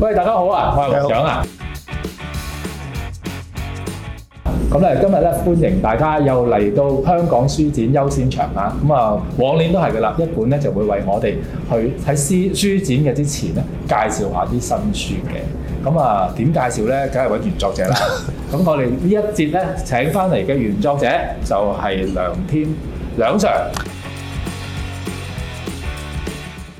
喂，大家好啊，好我係黃獎啊。咁咧，今日咧歡迎大家又嚟到香港書展優先場間。咁啊，往年都係嘅啦，一本咧就會為我哋去喺書展嘅之前咧介紹下啲新書嘅。咁啊，點介紹咧？梗係揾原作者啦。咁 我哋呢一節咧請翻嚟嘅原作者就係梁添梁 Sir。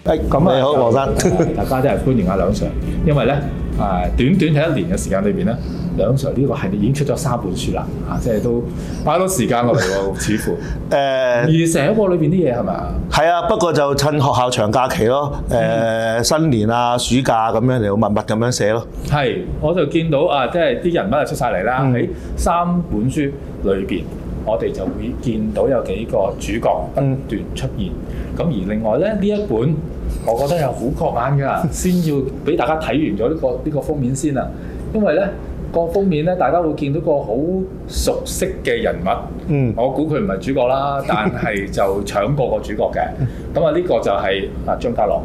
誒，咁啊、嗯，你好，黃生， 大家真係歡迎阿梁 Sir，因為咧誒，短短係一年嘅時間裏邊咧，梁 Sir 呢個系列已經出咗三本書啦，啊，即係都擺多時間落嚟喎，似乎誒， 而成一個裏邊啲嘢係咪？係啊，不過就趁學校長假期咯，誒、呃，新年啊，暑假咁樣嚟，密密咁樣寫咯。係，我就見到啊，即係啲人物就出晒嚟啦，喺、嗯、三本書裏邊。我哋就會見到有幾個主角不斷出現，咁、嗯、而另外呢，呢一本，我覺得又好確眼㗎， 先要俾大家睇完咗呢、呢個呢、呢個封面先啊，因為呢、呢個封面呢，大家會見到個好熟悉嘅人物，嗯、我估佢唔係主角啦，但係就搶過個主角嘅，咁啊呢個就係啊張家樂，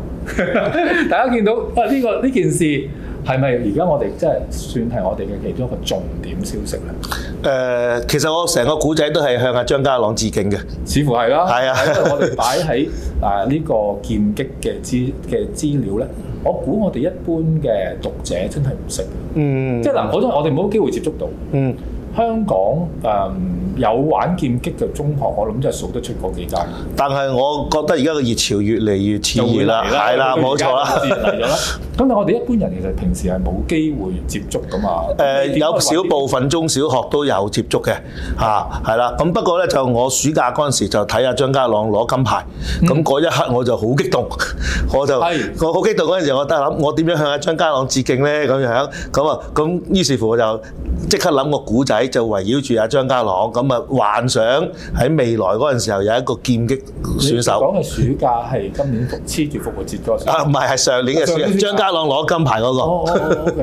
大家見到啊呢、呢個呢件事。呢個呢個呢個係咪而家我哋即係算係我哋嘅其中一個重點消息咧？誒、呃，其實我成個古仔都係向阿張家朗致敬嘅，似乎係啦。係啊，因為我哋擺喺啊呢、呢個劍擊嘅資嘅資料咧，我估我哋一般嘅讀者真係唔識，嗯，即係嗱嗰種我哋冇機會接觸到，嗯。香港誒有玩劍擊嘅中學，我諗真係數得出嗰幾間。但係我覺得而家嘅熱潮越嚟越熾熱啦，係啦，冇錯啦。咁但我哋一般人其實平時係冇機會接觸噶嘛。誒有少部分中小學都有接觸嘅，嚇係啦。咁不過咧就我暑假嗰陣時就睇下張家朗攞金牌，咁嗰一刻我就好激動，我就我好激動嗰陣時，我就諗我點樣向阿張家朗致敬咧？咁樣咁啊咁，於是乎我就即刻諗個古仔。就圍繞住阿張家朗咁啊，幻想喺未來嗰陣時候有一個劍擊選手。講嘅暑假係今年服黐住復活節在上。啊，唔係係上年嘅暑假， 啊、暑假 張家朗攞金牌嗰、那個。咁、 哦哦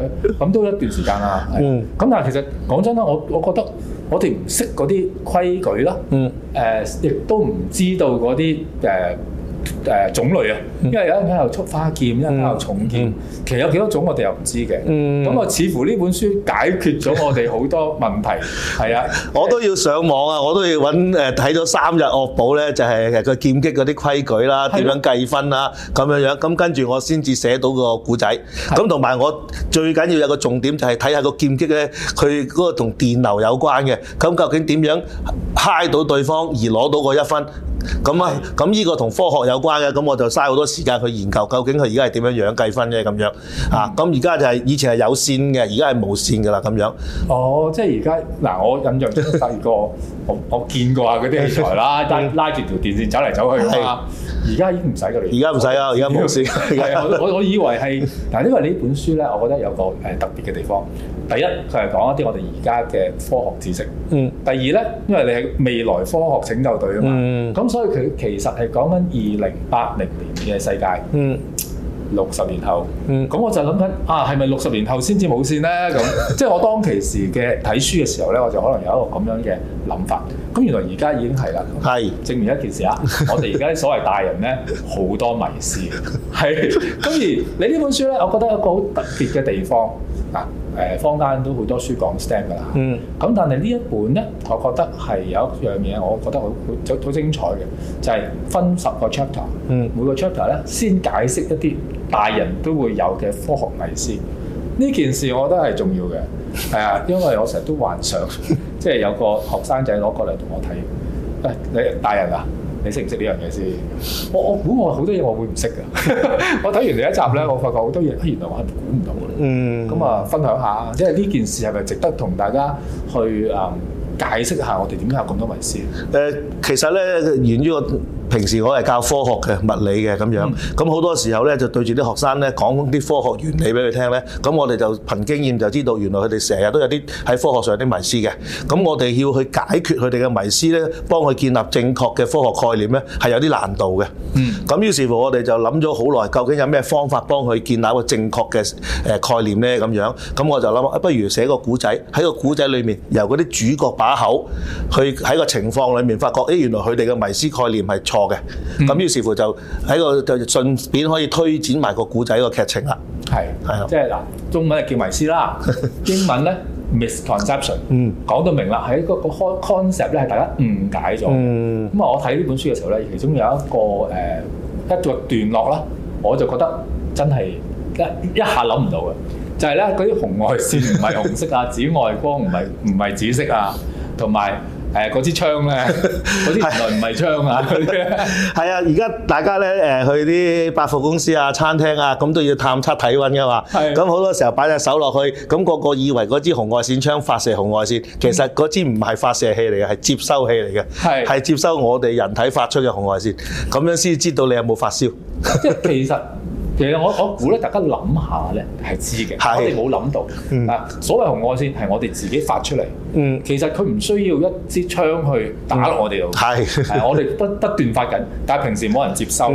okay，都一段時間啦。嗯。咁但係其實講真啦，我我覺得我哋唔識嗰啲規矩咯。嗯。誒、呃，亦都唔知道嗰啲誒。呃誒、啊、種類啊，因為有人喺度出花劍，一人喺度重劍，嗯、其實有幾多種我哋又唔知嘅。咁、嗯、我似乎呢本書解決咗我哋好多問題。係 啊，我都要上網啊，我都要揾睇咗三日惡補咧，就係、是、個劍擊嗰啲規矩啦，點樣計分啦、啊，咁樣的樣。咁跟住我先至寫到個故仔。咁同埋我最緊要有個重點就係睇下個劍擊咧，佢嗰個同電流有關嘅。咁究竟點樣嗨到對方而攞到個一分？咁啊，咁呢個同科學有有關嘅，咁我就嘥好多時間去研究究竟佢而家係點樣樣計分啫。咁樣嚇，咁而家就係以前係有線嘅，而家係冇線㗎啦咁樣。哦，即係而家嗱，我印象中細個，我我見過下嗰啲器材啦，但拉拉住條電線走嚟走去㗎嘛。而家 已經唔使㗎啦。而家唔使啊，而家冇線。事我我以為係，但 因為呢本書咧，我覺得有個誒特別嘅地方。第一，佢係講一啲我哋而家嘅科學知識。嗯。第二咧，因為你係未來科學拯救隊啊嘛。嗯。咁所以佢其實係講緊二。零八零年嘅世界，嗯，六十年後，嗯，咁我就諗緊啊，係咪六十年後先至冇線呢？咁 即係我當其時嘅睇書嘅時候呢，我就可能有一個咁樣嘅諗法。咁原來而家已經係啦，係是證明一件事啊！我哋而家所謂大人呢，好多迷思，係。 咁而你呢本書呢，我覺得有個好特別嘅地方啊。誒坊間都好多書講 STEM 㗎啦，咁、嗯、但係呢一本咧，我覺得係有一樣嘢，我覺得好好好精彩嘅，就係、是、分十個 chapter，嗯、每個 chapter 咧先解釋一啲大人都會有嘅科學迷思，呢件事我覺得係重要嘅，係啊，因為我成日都幻想， 即係有個學生仔攞過嚟同我睇，誒、哎、你大人啊！你識唔識呢樣嘢先？我我估我好多嘢我會唔識嘅。 我睇完第一集咧，我發覺好多嘢，原來我係估唔到嘅、嗯。嗯。咁啊，分享下，即係呢件事係咪值得同大家去誒解釋下我，我哋點解有咁多迷思？誒，其實咧，源於我。平時我係教科學嘅物理嘅咁樣，咁好、嗯、多時候咧就對住啲學生咧講啲科學原理俾佢聽咧，咁我哋就憑經驗就知道原來佢哋成日都有啲喺科學上有啲迷思嘅，咁我哋要去解決佢哋嘅迷思咧，幫佢建立正確嘅科學概念咧，係有啲難度嘅。嗯，咁於是乎我哋就諗咗好耐，究竟有咩方法幫佢建立一個正確嘅誒概念咧？咁樣，咁我就諗啊，不如寫個古仔喺個古仔裡面，由嗰啲主角把口去喺個情況裡面發覺，誒原來佢哋嘅迷思概、概念係錯嘅，咁於是乎就喺個就順便可以推展埋個古仔個劇情啦。係係是、哎、呦即係嗱，中文係叫迷思啦， 英文咧 misconception，講到、嗯、明啦，喺個個 con concept 咧係大家誤解咗。咁啊，我睇呢本書嘅時候咧，其中有一個誒一，一，一個段落啦，我就覺得真係一一下諗唔到嘅，就係咧嗰啲紅外線唔係紅色啊， 紫外光唔係唔係紫色啊，同埋。誒嗰支槍咧，啲原來唔係槍啊！係啊， 而家大家咧誒去啲百貨公司啊、餐廳啊，咁都要探測體溫嘅嘛。咁好是的 多時候擺隻手落去，咁、那個個以為嗰支紅外線槍發射紅外線，其實嗰支唔係發射器嚟嘅，係接收器嚟嘅，係是的 接收我哋人體發出嘅紅外線，咁樣先知道你有冇發燒。其實。其實我我估咧，大家諗下咧係知嘅，是我哋冇諗到、嗯、啊。所謂紅外線係我哋自己發出嚟，嗯、其實佢唔需要一支槍去打落我哋度。係、嗯啊，我哋不不斷發緊，但係平時冇人接收。佢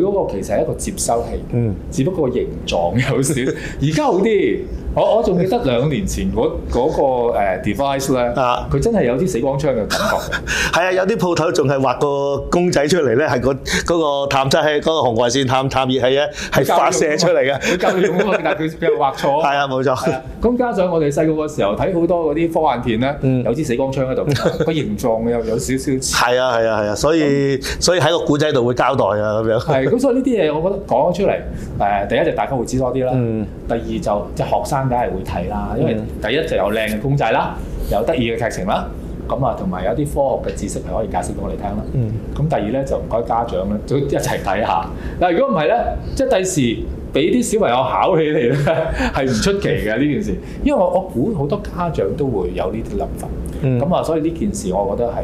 嗰、嗯、個其實係一個接收器，嗯、只不過形狀有少，而家、嗯、好啲。 我我仲記得兩年前嗰嗰個 device 咧，佢真係有啲死光槍嘅感覺。係 啊，有啲鋪頭仲係畫個公仔出嚟咧，係、嗰個探測器，嗰、嗰個紅外線探探熱器啊，係發射出嚟嘅。佢教練咁， 但佢佢又畫錯。係 啊，冇錯。咁加上我哋細個嘅時候睇好多嗰啲科幻片咧， 有啲死光槍喺度，個 形狀又有少少。係 啊，係啊，係啊，所以、嗯、所以喺個古仔度會交代啊咁樣。係、啊，咁、 啊、所以呢啲嘢我覺得講咗出嚟，誒、啊，第一就大家會知多啲啦。嗯。 第二就即係學生。梗係會睇啦，因為第一就有靚嘅公仔啦，有得意嘅劇情啦，咁啊同埋有啲科學嘅知識係可以解釋俾我哋聽啦。咁、嗯、第二咧就唔該家長咧，都一齊睇下。嗱，如果唔係咧，即係第時俾啲小朋友考起嚟咧，係唔出奇嘅呢件事。 因為我我估好多家長都會有呢啲諗法。咁啊、嗯，所以呢件事我覺得係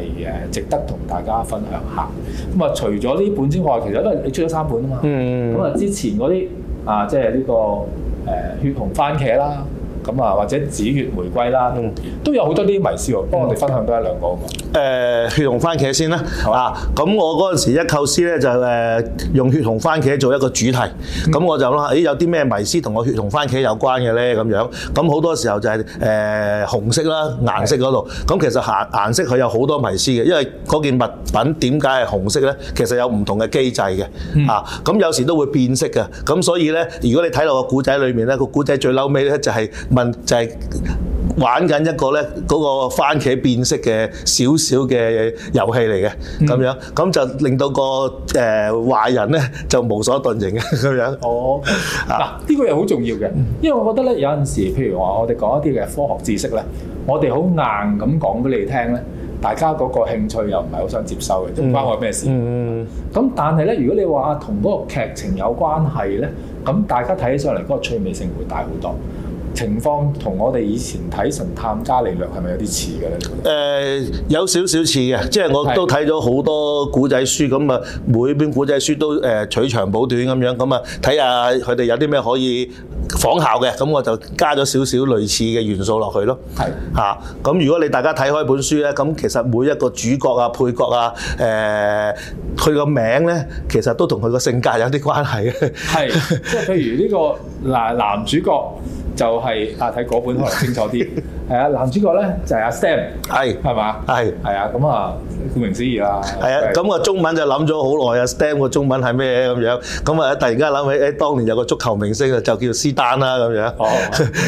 誒值得同大家分享下。咁啊，除咗呢本之外，其實因為你出咗三本啊嘛。咁啊、嗯，之前嗰啲啊，即係呢、呢個。誒血紅番茄啦～咁啊，或者紫外玫瑰啦，嗯、都有好多啲迷思喎，嗯、幫我哋分享多一兩個。誒、呃，血紅番茄先啦。啊，咁我嗰陣時一構思咧，就誒用血紅番茄做一個主題。咁、嗯、我就諗下，誒有啲咩迷思同我血紅番茄有關嘅咧？咁樣咁好多時候就係、是、誒、呃、紅色啦，顏色嗰度。咁其實顏顏色佢有好多迷思嘅，因為嗰件物品點解係紅色咧？其實有唔同嘅機制嘅。嚇、嗯，咁、啊、有時都會變色嘅。咁所以咧，如果你睇落個古仔裏面咧，個古仔最嬲尾咧就係、是。就係玩緊一個咧嗰個番茄變色嘅少少嘅遊戲嚟嘅咁樣，咁就令到個誒壞人咧就無所遁形嘅咁樣。哦嗱，呢個又好重要嘅，因為我覺得咧有陣時，譬如話我哋講一啲嘅科學知識咧，我哋好硬咁講俾你聽咧，大家嗰個興趣又唔係好想接受嘅，唔關我咩事。嗯嗯。咁但係咧，如果你話同嗰個劇情有關係咧，咁大家睇起上嚟嗰個趣味性會大好多。情況同我哋以前睇《神探伽利略》係咪有啲似嘅咧？誒、呃，有少少似嘅，即係我都睇咗好多古仔書咁啊！每本古仔書都誒、呃、取長補短咁樣咁啊，睇下佢哋有啲咩可以仿效嘅，咁我就加咗少少類似嘅元素落去咯。係嚇是，咁、啊、如果你大家睇開本書咧，咁其實每一個主角啊、配角啊，誒、呃，佢個名咧，其實都同佢個性格有啲關係嘅。係是，即係 譬如呢個男男主角就係啊，睇嗰本可能清楚啲。係啊，男主角咧就係阿 Sam，係係嘛，係係啊。咁啊，顧名思義啦。係啊。咁個中文就諗咗好耐啊。Stan 個中文係咩咁樣？咁啊，突然間諗起誒，當年有個足球明星啊，就叫斯丹啦咁樣。哦。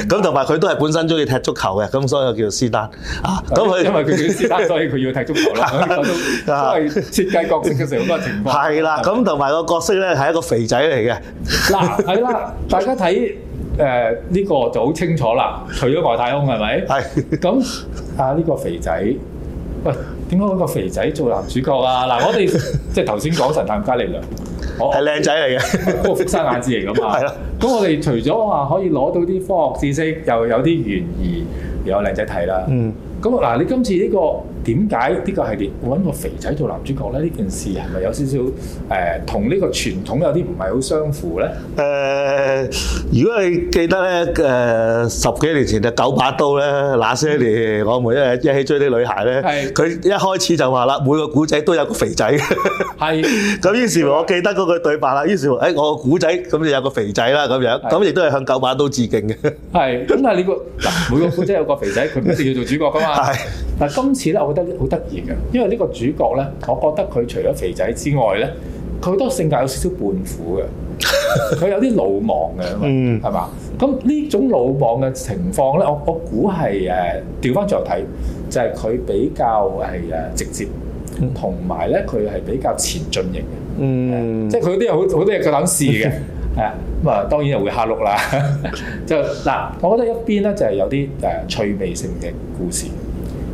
咁同埋佢都係本身中意踢足球嘅，咁所以叫做斯丹啊。咁佢因為佢叫斯丹，所以佢要踢足球啦。都係設計角色嘅時候好多情況。係啦。咁同埋個角色咧係一個肥仔嚟嘅。嗱，係啦，大家睇。誒呢、呃這個就好清楚啦，除咗外太空係咪？係。咁 啊呢、這個肥仔，喂，點解個肥仔做男主角 啊？嗱，我哋即係頭先講神探伽利略，係靚仔嚟嘅，個福山雅治嚟㗎嘛。係啦。咁我哋除咗話可以攞到啲科學知識，又有啲懸疑，又有靚仔睇啦。嗯。咁嗱，你今次呢、這個？點解呢個系列揾個肥仔做男主角咧？呢件事係咪有少少誒同呢個傳統有啲唔係好相符咧？誒、呃，如果你記得咧，誒、呃、十幾年前嘅《九把刀》咧，《那些年》，我每一日一起追啲女孩咧，佢是一開始就話啦，每個古仔都有個肥仔。係。咁於是乎，我記得嗰句對白啦。於是乎，誒、欸、我個古仔咁就有個肥仔啦，咁樣，咁亦都係向《九把刀》致敬嘅。係。咁但係你個嗱每個古仔有個肥仔，佢是一定要做主角㗎嘛？係。嗱，但今次咧。我覺得好得意嘅，因為呢個主角咧，我覺得佢除咗肥仔之外咧，佢好多性格有少少叛，叛苦嘅，佢 有啲魯莽嘅，係嘛、嗯？咁呢種魯莽嘅情況咧，我我估係誒調翻轉頭睇，就係、是、佢比較係誒直接，同埋咧佢係比較前進型嘅，即係佢啲好好多嘢佢等試嘅，係啊咁啊，就是嗯、 當然又會蝦碌啦。 就嗱，喃我覺得一邊咧就係、是、有啲誒趣味性嘅故事。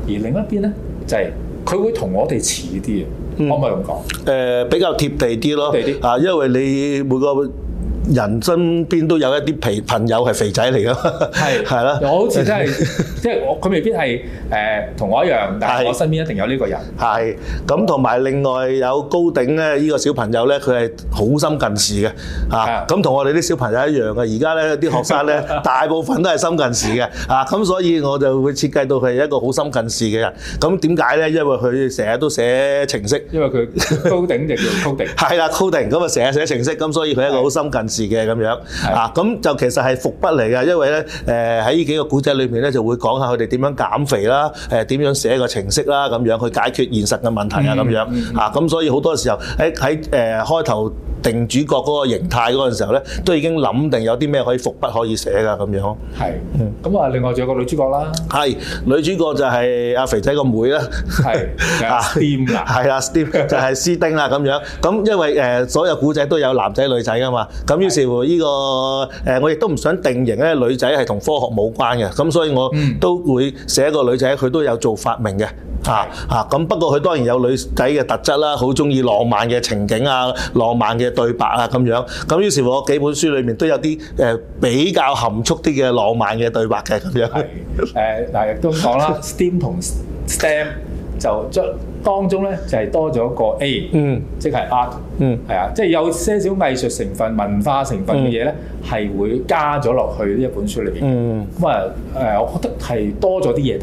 而另一邊咧，就係、是、佢會同我哋似啲啊，可唔、嗯、可以咁講？誒、呃，比較貼地啲咯，啊，因為你每個人身邊都有一啲皮朋友係肥仔嚟㗎，係是，係啦 的。我好似真係， 即係佢未必係誒同我一樣，但係我身邊一定有呢個人。係，咁，同埋另外有高頂咧，呢、這個小朋友咧，佢係好深近視嘅嚇。咁、啊、同我哋啲小朋友一樣嘅，而家咧啲學生咧大部分都係深近視嘅嚇。咁、啊、所以我就會設計到佢係一個好深近視嘅人。咁點解咧？因為佢成日都寫程式，因為佢高頂就叫 coding， 係啦 coding 咁啊，成日寫程式，咁所以佢係一個好深近視。事嘅咁樣啊，咁就其實係伏筆嚟嘅，因為咧誒喺呢、呃、幾個古仔裏面咧就會講下佢哋點樣減肥啦，誒、呃、點樣寫個程式啦，咁樣去解決現實嘅問題啊，咁樣啊，咁所以好多時候喺喺誒開頭，定主角嗰個形態嗰陣時候咧，都已經諗定有啲咩可以伏筆可以寫噶咁樣。係，嗯，咁啊，另外仲有個女主角啦。係，女主角就係阿肥仔個妹啦。係啊，Steam 啦。係啊，Steam 就係斯丁啦咁樣。咁因為誒所有古仔都有男仔女仔噶嘛。咁於是乎呢個誒我亦都唔想定型咧，女仔係同科學冇關嘅。咁所以我都會寫個女仔，佢都有做發明嘅。啊啊！咁、啊、不過佢當然有女仔嘅特質啦，好中意浪漫嘅情景啊，浪漫嘅對白啊咁樣。咁於是乎我幾本書裡面都有啲誒、呃、比較含蓄啲嘅浪漫嘅對白嘅咁樣。係嗱、呃呃，亦都講啦 ，STEAM 同 STEM 就將。當中咧就係、是、多咗個 A、嗯、即係 Art，係啊，即係、就是、有些少藝術成分、文化成分嘅嘢咧，係會加咗落去呢一本書裏邊嘅。咁啊，誒，我覺得係多咗啲嘢睇，誒、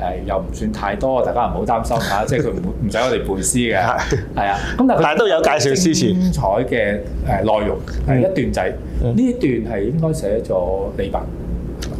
呃、又唔算太多，大家唔好擔心嚇、啊，即係佢唔唔使我哋背詩嘅，係啊。 咁、嗯、但係都有介紹詩詞精彩嘅誒內容，係一段仔，呢、嗯嗯、一段係應該寫咗李白。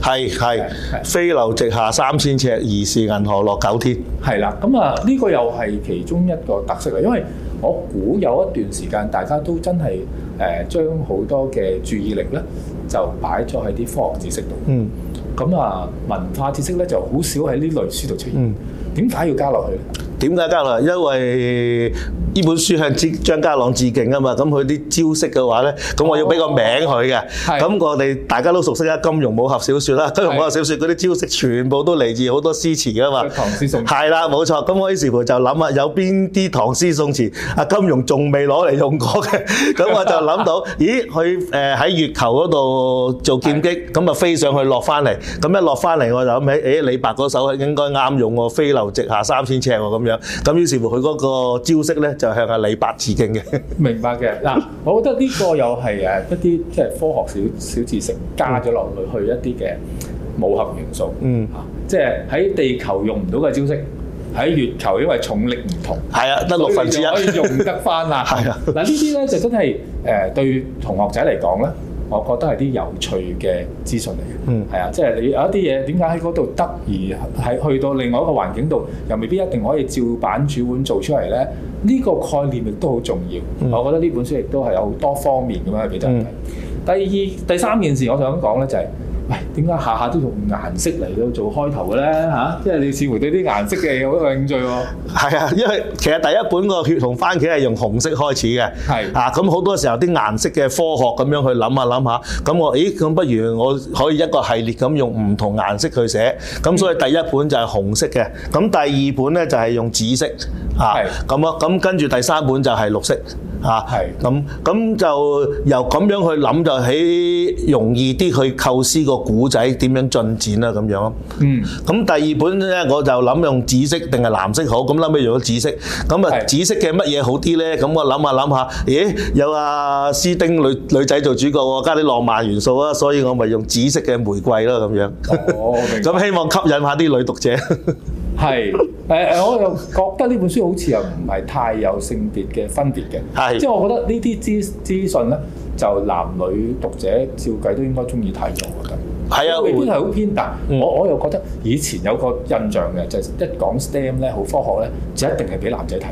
係係，飛流直下三千尺，疑是銀河落九天。係啦，咁啊，呢個又係其中一個特色啦。因為我估有一段時間，大家都真係誒將好多嘅注意力呢就擺咗喺啲科學知識度。嗯，咁啊，文化知識呢就好少喺呢類書度出現。點解、嗯、要加落去呢？點解加落？因為呢本書向張家朗致敬啊嘛，咁佢啲招式嘅話呢，咁我要俾個名佢嘅。咁、哦、我哋大家都熟悉啦，金庸武俠小説啦，的金庸武俠小説嗰啲招式全部都嚟自好多詩詞嘅嘛。唐詩宋詞。係啦，冇錯。咁我於是乎就諗下有邊啲唐詩宋詞啊？金庸仲未攞嚟用過嘅，咁 我就諗到， 咦，佢誒喺月球嗰度做劍擊，咁啊的飛上去落翻嚟，咁一落翻嚟我就諗起，誒李白嗰首應該啱用喎，飛流直下三千尺喎，咁樣。咁於是乎佢嗰個招式呢。就。向阿李白致敬嘅，明白嘅。嗱，我覺得呢個又係誒一啲即係科學小小知識加咗落去一啲嘅武俠元素，嗯，嚇、啊，即係喺地球用唔到嘅招式，喺月球因為重力唔同，係啊，得六分之一可以用得翻啦。係啊，嗱呢啲咧就真係誒、呃、對同學仔嚟講咧。我覺得係啲有趣嘅資訊嚟嘅，係、嗯、啊，即係你有一啲嘢點解喺嗰度得意，喺去到另外一個環境度又未必一定可以照版煮碗做出嚟咧？呢、這個概念亦都好重要。嗯、我覺得呢本書亦都係有好多方面咁樣去俾大家睇、嗯、第二、第三件事，我想講咧就係、是。喂，點解下下都用顏色嚟到做開頭嘅咧？嚇、啊，即係你似乎對啲顏色嘅嘢好有興趣喎。係 啊，因為其實第一本個血紅番茄係用紅色開始嘅。係是啊，咁好多時候啲顏色嘅科學咁樣去諗下諗下，咁我，咦，咁不如我可以一個系列咁用唔同顏色去寫，咁所以第一本就係紅色嘅，咁第二本咧就係用紫色，啊，咁啊，咁跟住第三本就係綠色，啊，咁咁是的、啊、就由咁樣去諗就起容易啲去構思個古仔點樣進展啦、啊、咁樣。嗯，咁第二本咧我就諗用紫色定係藍色好，咁諗尾用咗紫色，咁、嗯、啊是的 紫色嘅乜嘢好啲咧？咁是的 我諗下諗下，咦是的，有阿、啊、斯丁女女仔做主角喎，加啲浪漫元素啊，所以我咪用紫色嘅玫瑰咯咁樣。咁、哦、明白 嗯、希望吸引下啲女讀者。係，誒誒，我又覺得呢本書好似又唔係太有性別嘅分別嘅，係的，即係我覺得呢啲資資訊咧，就男女讀者照計都應該中意睇，咗。我覺得。係啊的，會偏係好偏。嗱、嗯，我我又覺得以前有個印象嘅，就係、是、一講 STEM 咧，好科學咧，就一定係俾男仔睇，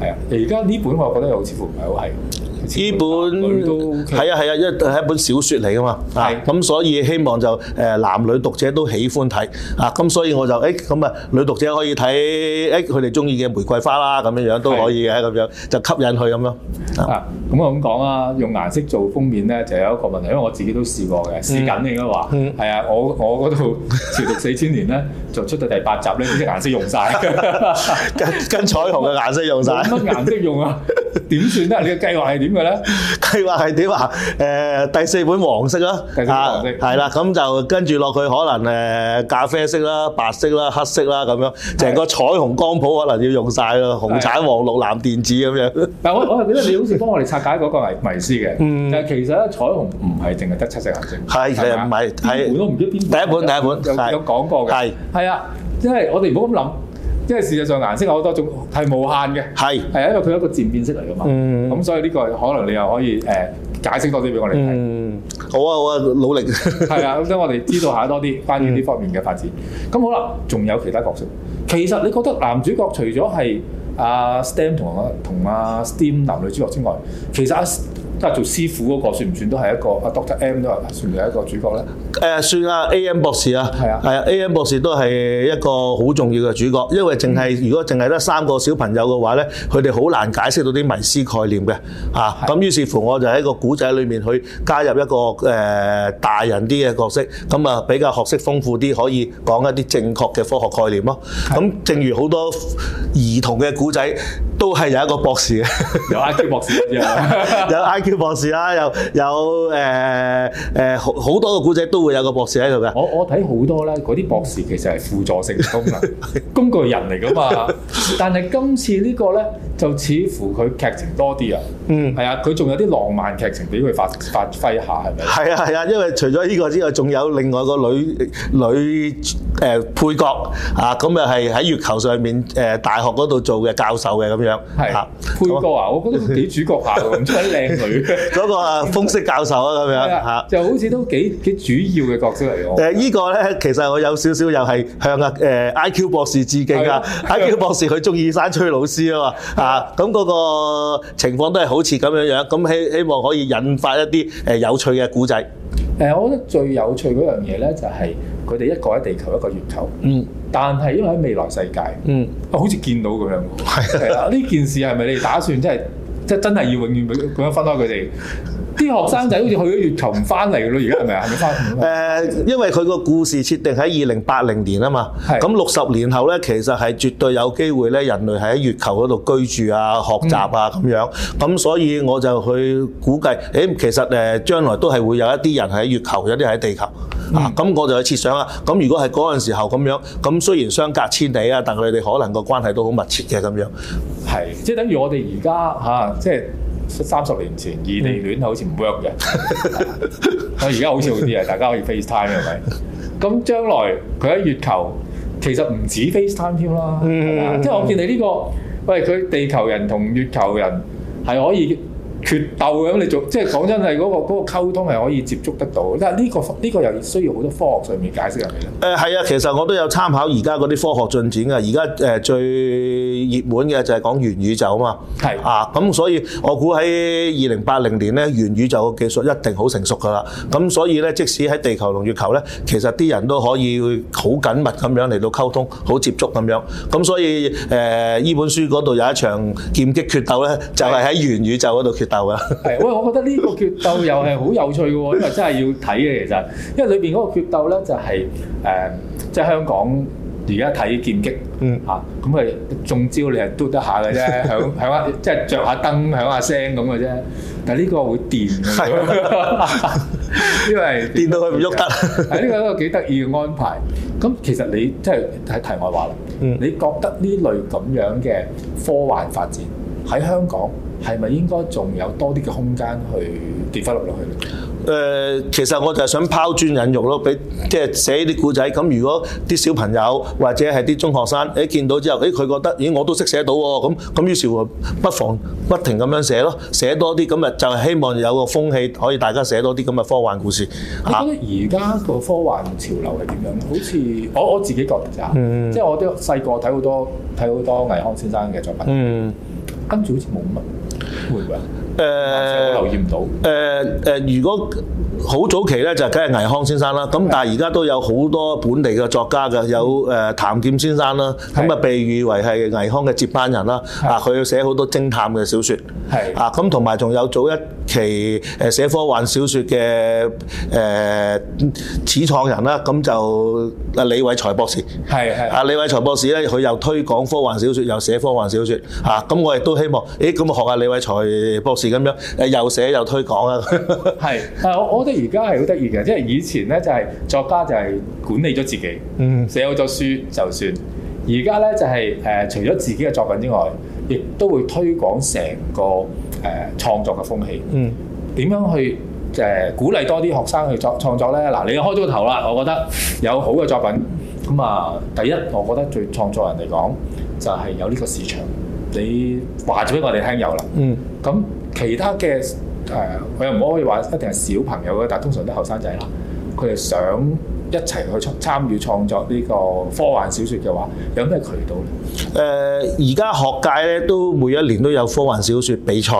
係啊。而家呢本我覺得又好似唔係好係。呢本係啊係啊，一係、啊、一本小説嚟噶嘛，咁的、啊、所以希望就誒男女讀者都喜歡睇啊，咁所以我就誒咁啊女讀者可以睇誒佢哋中意嘅玫瑰花啦，咁樣樣都可以嘅咁的樣，就吸引佢咁咯。樣啊，咁我咁講啊，用顏色做封面咧就有一個問題，因為我自己都試過嘅，試緊應該話，係啊、嗯，我我嗰套《潮讀四千年呢》咧 就出到第八集咧，啲顏色用晒， 跟彩虹嘅顏色用晒。乜顏色用啊？ 點算咧？你嘅計劃係點嘅咧？計劃係點啊？誒第四本黃色啦，第四本黃色係啦。咁就跟住落去，可能誒咖啡色啦、白色啦、黑色啦咁樣，成個彩虹光譜可能要用晒咯，紅、橙、黃、綠、藍、靛、紫咁樣。但我我係記得你好似幫我哋拆解嗰個迷迷思嘅。嗯。但係其實咧，彩虹唔係淨係得七色顏色。係，其實唔係。邊都唔知邊。第一本，第一本有有講過㗎。係。係啊，即係我哋唔好咁諗。即係事實上顏色好多種係無限嘅，係係是因為佢係一個漸變色嚟㗎嘛。咁、嗯、所以呢個可能你又可以誒、呃、解釋多啲俾我哋睇。嗯、好啊，好啊，努力。係 啊，等我哋知道下多啲關於呢方面嘅發展。咁、嗯、好啦，仲有其他角色。其實你覺得男主角除咗係阿、啊、Steam 同阿同阿、啊、Steam 男女主角之外，其實阿、啊做師傅嗰個算唔算都係一個 Doctor M 都係算唔係一個主角呢？誒算啊，AM 博士啊，係啊，AM 博士都係一個好重要嘅主角，因為淨係、嗯、如果淨係得三個小朋友嘅話呢，佢哋好難解釋到啲迷思概念嘅嚇。咁、啊、於是、啊、是乎我就喺個古仔裏面去加入一個誒、呃、大人啲嘅角色，咁啊比較學識豐富啲，可以講一啲正確嘅科學概念咯。咁、啊、正如好多兒童嘅古仔。都係有一個博士嘅、 啊，有 IQ 博士咁樣，有 IQ 博士啦，又有誒誒好好多個古仔都會有個博士喺度嘅。我我睇好多咧，嗰啲博士其實係輔助性功能， 工具人嚟噶嘛。但係今次呢個咧，就似乎佢劇情多啲啊。嗯，係啊，佢仲有啲浪漫劇情俾佢發發揮下，係咪？係啊係啊，因為除咗呢個之外，仲有另外一個女女誒、呃、配角啊，咁又係喺月球上面誒大學嗰度做嘅教授嘅咁樣。係配角啊！我覺得佢幾主角下喎，唔錯嘅靚女。嗰 個、啊、風色教授啊，咁樣就好似都幾幾主要嘅角色嚟。誒、呃，依覺個咧其實我有少少又係向阿、啊、誒、呃、IQ 博士致敬啊，啊，啊！IQ 博士佢中意山吹老師啊嘛嚇，咁嗰、啊啊那個情況都係好似咁樣樣，咁希希望可以引發一啲誒、呃、有趣嘅故仔。誒，我覺得最有趣嗰樣嘢咧，就係佢哋一個喺地球，一個月球。嗯。但係因為喺未來世界。嗯。好似見到咁樣。係啊係啊，呢件事係咪你打算即係即係真係要永遠咁樣分開佢哋？啲學生仔好似去咗月球唔翻嚟嘅咯，而家係咪啊？誒， 因為佢個故事設定喺二零八零年啊嘛，咁六十年後呢，其實係絕對有機會呢人類係喺月球嗰度居住啊、學習啊咁樣。咁所以我就去估計，誒、欸，其實誒將來都係會有一啲人喺月球，有啲喺地球、嗯、啊。咁我就去設想啊，咁如果係嗰陣時候咁樣，咁雖然相隔千里啊，但係佢哋可能個關係都好密切嘅咁樣。係，即係等於我哋而家嚇，即係。三十年前異地戀好似唔 work 嘅，我而家好似好啲啊！大家可以 FaceTime 係咪？咁將來佢喺月球，其實唔止 FaceTime 添啦， 即係我見你呢、這個，喂佢地球人同月球人係可以，.決鬥，咁你做即係講真係嗰個嗰個溝通係可以接觸得到，但係呢個呢個又需要好多科學上面解釋入嚟啦。係啊，其實我都有參考而家嗰啲科學進展嘅，而家誒最熱門嘅就係講元宇宙啊嘛。係是啊，咁所以我估喺二零八零年咧，元宇宙嘅技術一定好成熟噶啦。咁所以咧，即使喺地球同月球咧，其實啲人都可以好緊密咁樣嚟到溝通，好接觸咁樣。咁所以誒，呢、呃、本書嗰度有一場劍擊決鬥咧，就係、是、喺元宇宙嗰度決鬥。係，喂， 我覺得呢個決鬥又係好有趣嘅，因為真係要睇嘅，其實，因為裏邊嗰個決鬥咧就係、是，誒、呃，即係香港而家睇劍擊，嗯、吓、啊，咁佢中招你係嘟得下嘅啫，響響下， 即係着下燈響下聲咁嘅啫，但係呢個會電，係， 因為電到佢唔喐得，係呢 個都幾得意嘅安排。咁其實你即係喺題外話啦，嗯、你覺得呢類咁樣嘅科幻發展喺香港？係咪應該仲有多啲嘅空間去跌翻落落去咧、呃？其實我就係想拋磚引玉咯，俾即係寫啲古仔。咁如果啲小朋友或者係啲中學生，誒見到之後，誒、哎、佢覺得咦我都識寫到喎、哦，咁咁於是乎不妨不停咁樣寫咯，寫多啲咁啊，就希望有個風氣，可以大家寫多啲咁嘅科幻故事。你覺得而家個科幻潮流係點樣？好似我我自己覺得啊，嗯、即係我啲細個睇好多睇好多倪匡先生嘅作品，嗯、跟住好似冇乜。會誒，呃、留意唔到誒誒、呃呃呃，如果。好 早期咧就梗係倪匡先生啦，咁 但係而家都有好多本地嘅作家嘅，對 有誒、呃、譚劍先生啦，咁啊被譽為係倪匡嘅接班人啦。的啊，佢寫好多偵探嘅小說。係。啊，咁同埋仲有早一期誒寫科幻小說嘅誒始創人啦，咁就啊李偉才博士。係係的。啊李偉才博士咧，佢又推廣科幻小說，又寫科幻小說。嚇，咁我亦都希望，咦咁啊學下李偉才博士咁樣，誒又寫又推廣啊。係。但我我。而家係好得意嘅，即係以前呢，就係、是、作家就係管理咗自己，嗯、寫好咗書就算。而家呢、就是，就係誒除咗自己嘅作品之外，亦都會推廣成個誒、呃、創作嘅風氣。點、嗯、樣去誒、呃、鼓勵多啲學生去作創作呢？嗱，你開咗個頭啦，我覺得有好嘅作品咁啊。嗯、第一，我覺得對創作人嚟講，就係、是、有呢個市場，你話咗俾我哋聽有啦。咁、嗯、其他嘅。誒，佢又唔可以話一定係小朋友嘅，但係通常都後生仔啦，佢哋想，一齊去參參與創作呢個科幻小説嘅話，有咩渠道咧？誒，而家學界咧都每一年都有科幻小説比賽。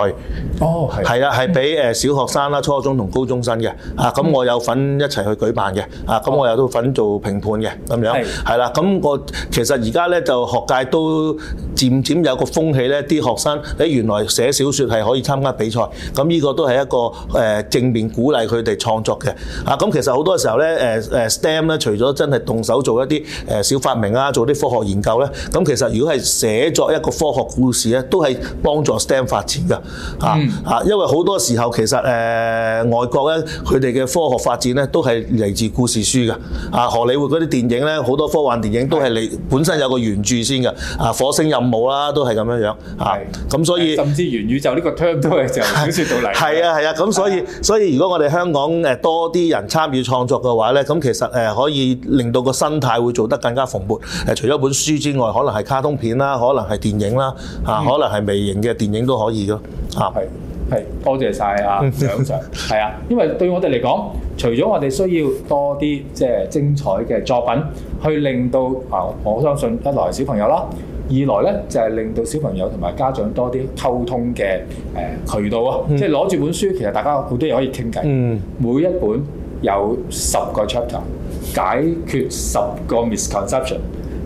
哦，係。係、嗯、啦，係俾誒小學生啦、初中同高中生嘅。啊，咁、嗯啊、我有份一齊去舉辦嘅。啊，咁我有都份做評判嘅咁樣。係、哦。係啦是，咁我、嗯、其實而家咧就學界都漸漸有個風氣咧，啲學生喺原來寫小説係可以參加比賽，咁呢個都係一個誒正面鼓勵佢哋創作嘅。啊，咁其實好多時候咧，誒誒、uh,。STEM 咧，除咗真係動手做一啲誒小發明啊，做啲科學研究咧，咁其實如果係寫作一個科學故事咧，都係幫助 STEM 發展噶嚇嚇，因為好多時候其實誒外國咧，佢哋嘅科學發展咧都係嚟自故事書噶嚇，荷里活嗰啲電影咧，好多科幻電影都係嚟本身有個原著先噶嚇，《火星任務》啦是，啊、都係咁樣樣嚇，咁、啊啊、所以甚至《元宇宙》呢個 term 都係就講説到嚟，係啊係啊，咁所以所以如果我哋香港誒多啲人參與創作嘅話咧，咁其實誒、呃、可以令到個生態會做得更加蓬勃。誒、呃、除咗本書之外，可能係卡通片啦，可能係電影啦，嚇，可能係微型嘅電影都可以咯。啊，係係、嗯啊，多謝晒，啊，梁 啊，因為對我哋嚟講，除咗我哋需要多啲即係精彩嘅作品，去令到啊，我相信一來小朋友啦，二來呢，就係、是、令到小朋友同埋家長多啲溝通嘅、呃、渠道啊。嗯、即係攞住本書，其實大家好多嘢可以傾偈。嗯，每一本。有十個 chapter 解決十個 misconception，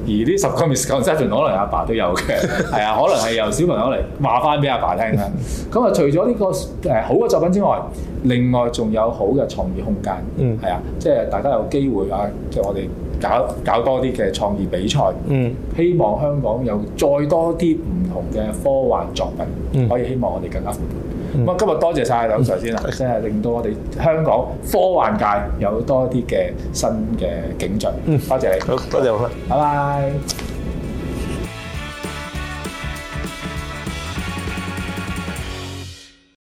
而呢十個 misconception 可能阿爸，爸都有嘅，係啊， 可能係由小朋友嚟話翻俾阿爸聽啦。咁啊、 呢個，除咗呢個誒好嘅作品之外，另外仲有好嘅創意空間，係啊、嗯，即、就、係、是、大家有機會啊，即、就、係、是、我哋搞搞多啲嘅創意比賽，嗯、希望香港有再多啲唔同嘅科幻作品，嗯、可以希望我哋更加。唔好，今日多謝晒，梁 Sir 先啦，真係的令到我哋香港科幻界有多啲嘅新嘅景象。嗯的，多謝你，好，多謝你，拜拜。